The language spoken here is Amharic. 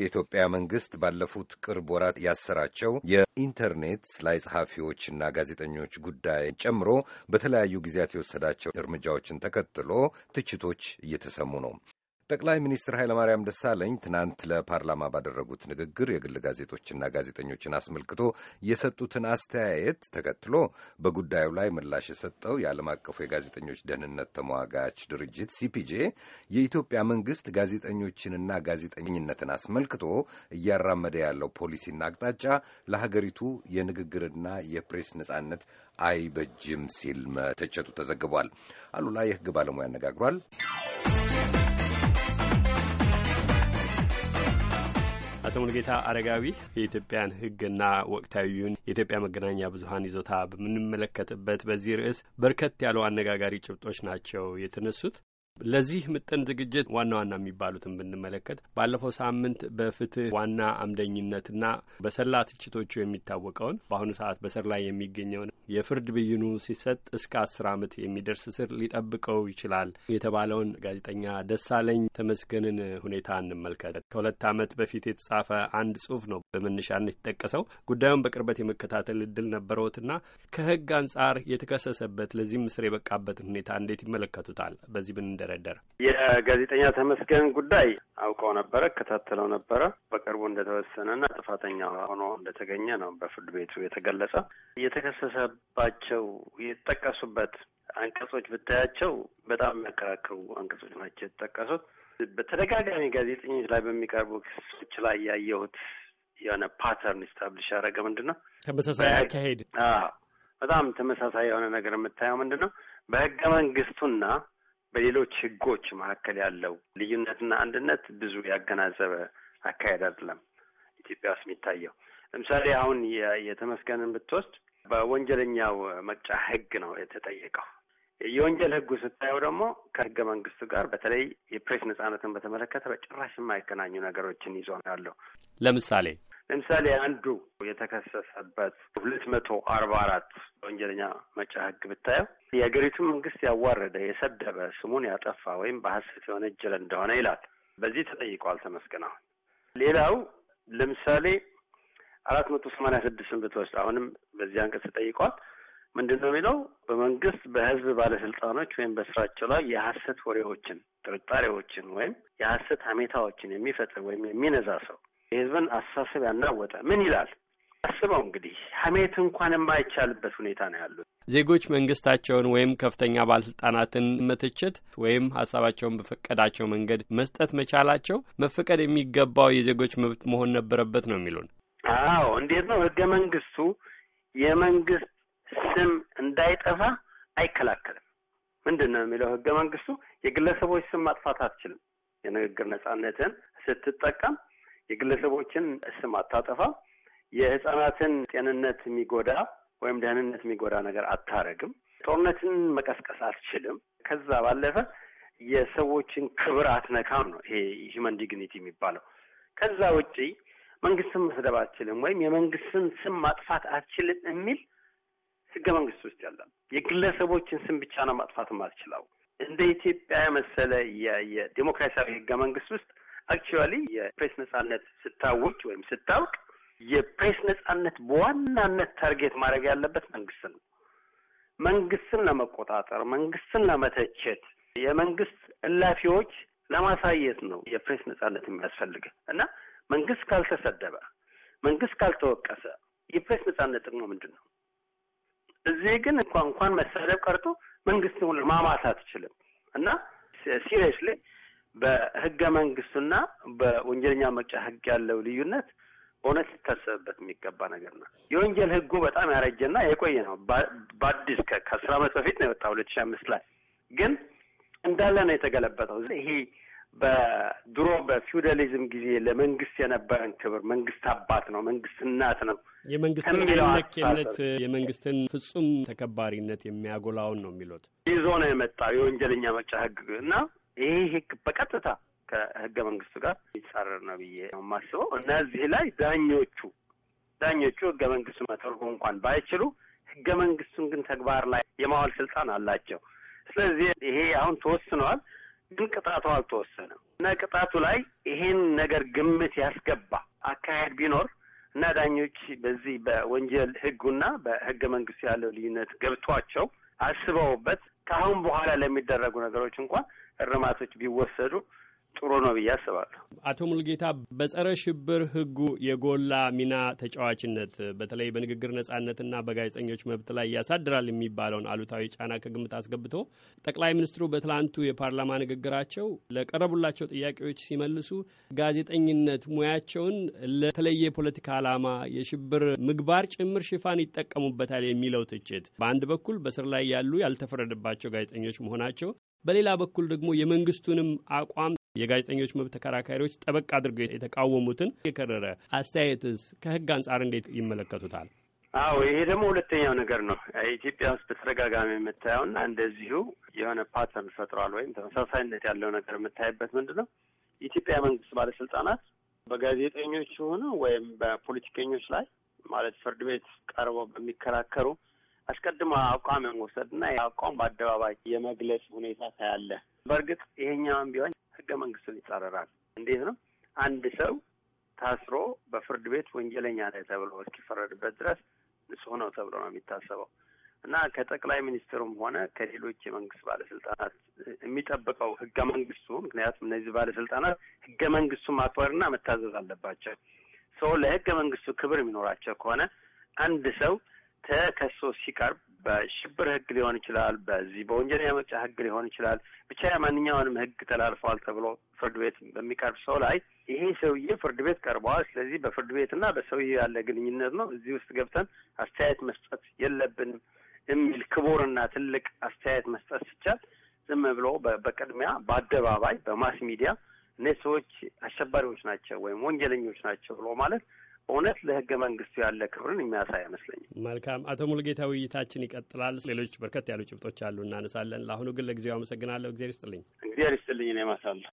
የኢትዮጵያ መንግስት ባለፉት ቅርብ ወራት ያሰራቸው የኢንተርኔት ላይ ጸሐፊዎችና ጋዜጠኞች ጉዳይ ጨምሮ በተለያዩ ጊዜያት የወሰዳቸው እርምጃዎችን ተከትሎ ትችቶች እየተሰሙ ነው። ጠቅላይ ሚኒስትር ኃይለማርያም ደሳለኝ ትናንት ለፓርላማ ባደረጉት ንግግር የግል ጋዜጦችና ጋዜጠኞችን አስመልክቶ የሰጡትን አስተያየት ተከትሎ በጉዳዩ ላይ ምላሽ የሰጠው የዓለም አቀፉ የጋዜጠኞች ደህንነት ተሟጋች ድርጅት ሲፒጄ የኢትዮጵያ መንግስት ጋዜጠኞችንና ጋዜጠኝነትን አስመልክቶ እያራመደ ያለው ፖሊሲና አቅጣጫ ለሀገሪቱ የንግግርና የፕሬስ ነጻነት አይበጅም ሲል መተቸቱ ተዘግቧል። አሉላ የህግ ባለሙያ አነጋግሯል። አቶ ሙልጌታ አረጋዊ የኢትዮጵያን ሕግና ወቅታዊውን የኢትዮጵያ መገናኛ ብዙኃን ይዞታ በምንመለከትበት በዚህ ርዕስ በርከት ያሉ አነጋጋሪ ጭብጦች ናቸው የተነሱት። ለዚህ ምጥን ዝግጅት ዋና ዋና የሚባሉትን ብንመለከት ባለፈው ሳምንት በፍትህ ዋና አምደኝነትና በሰላ ትችቶቹ የሚታወቀውን በአሁኑ ሰዓት በስር ላይ የሚገኘውን የፍርድ ብይኑ ሲሰጥ እስከ አስር ዓመት የሚደርስ እስር ሊጠብቀው ይችላል የተባለውን ጋዜጠኛ ደሳለኝ ተመስገንን ሁኔታ እንመልከት። ከሁለት ዓመት በፊት የተጻፈ አንድ ጽሁፍ ነው በመነሻነት የተጠቀሰው ጉዳዩን በቅርበት የመከታተል እድል ነበረውትና ከህግ አንጻር የተከሰሰበት ለዚህም እስር የበቃበትን ሁኔታ እንዴት ይመለከቱታል? በዚህ ብንደረደር የጋዜጠኛ ተመስገን ጉዳይ አውቀው ነበረ፣ እከታተለው ነበረ። በቅርቡ እንደተወሰነና ጥፋተኛ ሆኖ እንደተገኘ ነው በፍርድ ቤቱ የተገለጸ። የተከሰሰባቸው የተጠቀሱበት አንቀጾች ብታያቸው በጣም የሚያከራክሩ አንቀጾች ናቸው የተጠቀሱት። በተደጋጋሚ ጋዜጠኞች ላይ በሚቀርቡ ክሶች ላይ ያየሁት የሆነ ፓተርን ስታብሊሽ ያደረገ ምንድን ነው ተመሳሳይ አካሄድ በጣም ተመሳሳይ የሆነ ነገር የምታየው ምንድን ነው በህገ መንግስቱና በሌሎች ህጎች መካከል ያለው ልዩነትና አንድነት ብዙ ያገናዘበ አካሄድ አይደለም ኢትዮጵያ ውስጥ የሚታየው። ለምሳሌ አሁን የተመስገንን ብትወስድ በወንጀለኛው መቅጫ ህግ ነው የተጠየቀው። የወንጀል ህጉ ስታየው ደግሞ ከህገ መንግስቱ ጋር በተለይ የፕሬስ ነጻነትን በተመለከተ በጭራሽ የማይገናኙ ነገሮችን ይዞ ያለው ለምሳሌ ለምሳሌ አንዱ የተከሰሰበት ሁለት መቶ አርባ አራት ወንጀለኛ መቅጫ ህግ ብታየው የሀገሪቱ መንግስት ያዋረደ፣ የሰደበ፣ ስሙን ያጠፋ ወይም በሀሰት የወነጀለ እንደሆነ ይላል። በዚህ ተጠይቋል ተመስገን። ሌላው ለምሳሌ አራት መቶ ሰማኒያ ስድስትን ብትወስድ አሁንም በዚህ አንቀጽ ተጠይቋል። ምንድን ነው የሚለው? በመንግስት በህዝብ ባለስልጣኖች ወይም በስራቸው ላይ የሀሰት ወሬዎችን፣ ጥርጣሬዎችን ወይም የሀሰት ሀሜታዎችን የሚፈጥር ወይም የሚነዛ ሰው የህዝብን አስተሳሰብ ያናወጠ ምን ይላል አስበው እንግዲህ ሀሜት እንኳን የማይቻልበት ሁኔታ ነው ያሉት። ዜጎች መንግስታቸውን ወይም ከፍተኛ ባለስልጣናትን መተቸት ወይም ሀሳባቸውን በፈቀዳቸው መንገድ መስጠት መቻላቸው መፈቀድ የሚገባው የዜጎች መብት መሆን ነበረበት ነው የሚሉን። አዎ እንዴት ነው ህገ መንግስቱ የመንግስት ስም እንዳይጠፋ አይከላከልም። ምንድን ነው የሚለው ህገ መንግስቱ የግለሰቦች ስም ማጥፋት አትችልም። የንግግር ነጻነትን ስትጠቀም የግለሰቦችን ስም አታጠፋ፣ የህጻናትን ጤንነት የሚጎዳ ወይም ደህንነት የሚጎዳ ነገር አታረግም፣ ጦርነትን መቀስቀስ አትችልም። ከዛ ባለፈ የሰዎችን ክብር አትነካም ነው ይሄ ሂውመን ዲግኒቲ የሚባለው። ከዛ ውጪ መንግስትን መስደብ አትችልም ወይም የመንግስትን ስም ማጥፋት አትችልም የሚል ህገ መንግስት ውስጥ ያለን የግለሰቦችን ስም ብቻ ነው ማጥፋት ማትችለው። እንደ ኢትዮጵያ የመሰለ የዲሞክራሲያዊ ህገ መንግስት ውስጥ አክቹዋሊ የፕሬስ ነጻነት ስታውቅ ወይም ስታውቅ የፕሬስ ነጻነት በዋናነት ታርጌት ማድረግ ያለበት መንግስት ነው። መንግስትን ለመቆጣጠር፣ መንግስትን ለመተቸት፣ የመንግስት እላፊዎች ለማሳየት ነው የፕሬስ ነጻነት የሚያስፈልግ እና መንግስት ካልተሰደበ፣ መንግስት ካልተወቀሰ የፕሬስ ነጻነት ጥቅሙ ምንድን ነው? እዚህ ግን እንኳ እንኳን መሰደብ ቀርቶ መንግስትን ማማት አትችልም እና ሲሪየስሊ በህገ መንግስቱና በወንጀለኛ መቅጫ ህግ ያለው ልዩነት እውነት ሊታሰብበት የሚገባ ነገር ነው። የወንጀል ህጉ በጣም ያረጀና የቆየ ነው። በአዲስ ከአስር አመት በፊት ነው የወጣ ሁለት ሺ አምስት ላይ ግን እንዳለ ነው የተገለበጠው። ይሄ በድሮ በፊውደሊዝም ጊዜ ለመንግስት የነበረን ክብር መንግስት አባት ነው፣ መንግስት እናት ነው፣ የመንግስትን የመንግስትን ፍጹም ተከባሪነት የሚያጎላውን ነው የሚሉት ይዞ ነው የመጣው የወንጀለኛ መቅጫ ህግ እና ይሄ ህግ በቀጥታ ከህገ መንግስቱ ጋር ይጻረር ነው ብዬ ነው የማስበው። እነዚህ ላይ ዳኞቹ ዳኞቹ ህገ መንግስቱ መተርጎ እንኳን ባይችሉ ህገ መንግስቱን ግን ተግባር ላይ የማዋል ስልጣን አላቸው። ስለዚህ ይሄ አሁን ተወስነዋል፣ ግን ቅጣቱ አልተወሰነም እና ቅጣቱ ላይ ይሄን ነገር ግምት ያስገባ አካሄድ ቢኖር እና ዳኞች በዚህ በወንጀል ህጉና በህገ መንግስቱ ያለው ልዩነት ገብቷቸው አስበውበት ከአሁን በኋላ ለሚደረጉ ነገሮች እንኳን እርማቶች ቢወሰዱ ጥሩ ነው ብዬ አስባለሁ። አቶ ሙልጌታ በጸረ ሽብር ህጉ የጎላ ሚና ተጫዋችነት በተለይ በንግግር ነጻነትና በጋዜጠኞች መብት ላይ ያሳድራል የሚባለውን አሉታዊ ጫና ከግምት አስገብቶ ጠቅላይ ሚኒስትሩ በትላንቱ የፓርላማ ንግግራቸው ለቀረቡላቸው ጥያቄዎች ሲመልሱ ጋዜጠኝነት ሙያቸውን ለተለየ የፖለቲካ ዓላማ የሽብር ምግባር ጭምር ሽፋን ይጠቀሙበታል የሚለው ትችት በአንድ በኩል በስር ላይ ያሉ ያልተፈረደባቸው ጋዜጠኞች መሆናቸው በሌላ በኩል ደግሞ የመንግስቱንም አቋም የጋዜጠኞች መብት ተከራካሪዎች ጠበቅ አድርገው የተቃወሙትን የከረረ አስተያየትስ ከህግ አንጻር እንዴት ይመለከቱታል? አዎ ይሄ ደግሞ ሁለተኛው ነገር ነው። ኢትዮጵያ ውስጥ በተደጋጋሚ የምታየውና እንደዚሁ የሆነ ፓተርን ፈጥሯል ወይም ተመሳሳይነት ያለው ነገር የምታይበት ምንድን ነው? የኢትዮጵያ መንግስት ባለስልጣናት በጋዜጠኞች ሆነ ወይም በፖለቲከኞች ላይ ማለት ፍርድ ቤት ቀርበው በሚከራከሩ አስቀድሞ አቋም የመውሰድና አቋም በአደባባይ የመግለጽ ሁኔታ ታያለ። በእርግጥ ይሄኛውን ቢሆን ህገ መንግስትን ይጻረራል። እንዴት ነው አንድ ሰው ታስሮ በፍርድ ቤት ወንጀለኛ ላይ ተብሎ እስኪፈረድበት ድረስ ንጹህ ነው ተብሎ ነው የሚታሰበው እና ከጠቅላይ ሚኒስትሩም ሆነ ከሌሎች የመንግስት ባለስልጣናት የሚጠብቀው ህገ መንግስቱ ምክንያቱም እነዚህ ባለስልጣናት ህገ መንግስቱ ማክበርና መታዘዝ አለባቸው። ሰው ለህገ መንግስቱ ክብር የሚኖራቸው ከሆነ አንድ ሰው ተከሶ ሲቀርብ በሽብር ህግ ሊሆን ይችላል፣ በዚህ በወንጀለኛ መቅጫ ህግ ሊሆን ይችላል። ብቻ የማንኛውንም ህግ ተላልፈዋል ተብሎ ፍርድ ቤት በሚቀርብ ሰው ላይ ይሄ ሰውዬ ፍርድ ቤት ቀርበዋል፣ ስለዚህ በፍርድ ቤትና በሰውዬ ያለ ግንኙነት ነው፣ እዚህ ውስጥ ገብተን አስተያየት መስጠት የለብንም የሚል ክቡርና ትልቅ አስተያየት መስጠት ሲቻል ዝም ብሎ በቅድሚያ በአደባባይ በማስ ሚዲያ እነዚህ ሰዎች አሸባሪዎች ናቸው ወይም ወንጀለኞች ናቸው ብሎ ማለት እውነት ለህገ መንግስቱ ያለ ክብርን የሚያሳይ አይመስለኝም። መልካም አቶ ሙልጌታ ውይይታችን ይቀጥላል። ሌሎች በርከት ያሉ ጭብጦች አሉ እናነሳለን። ለአሁኑ ግን ለጊዜው አመሰግናለሁ። እግዜር ይስጥልኝ። እግዜር ይስጥልኝ። እኔ ማሳለሁ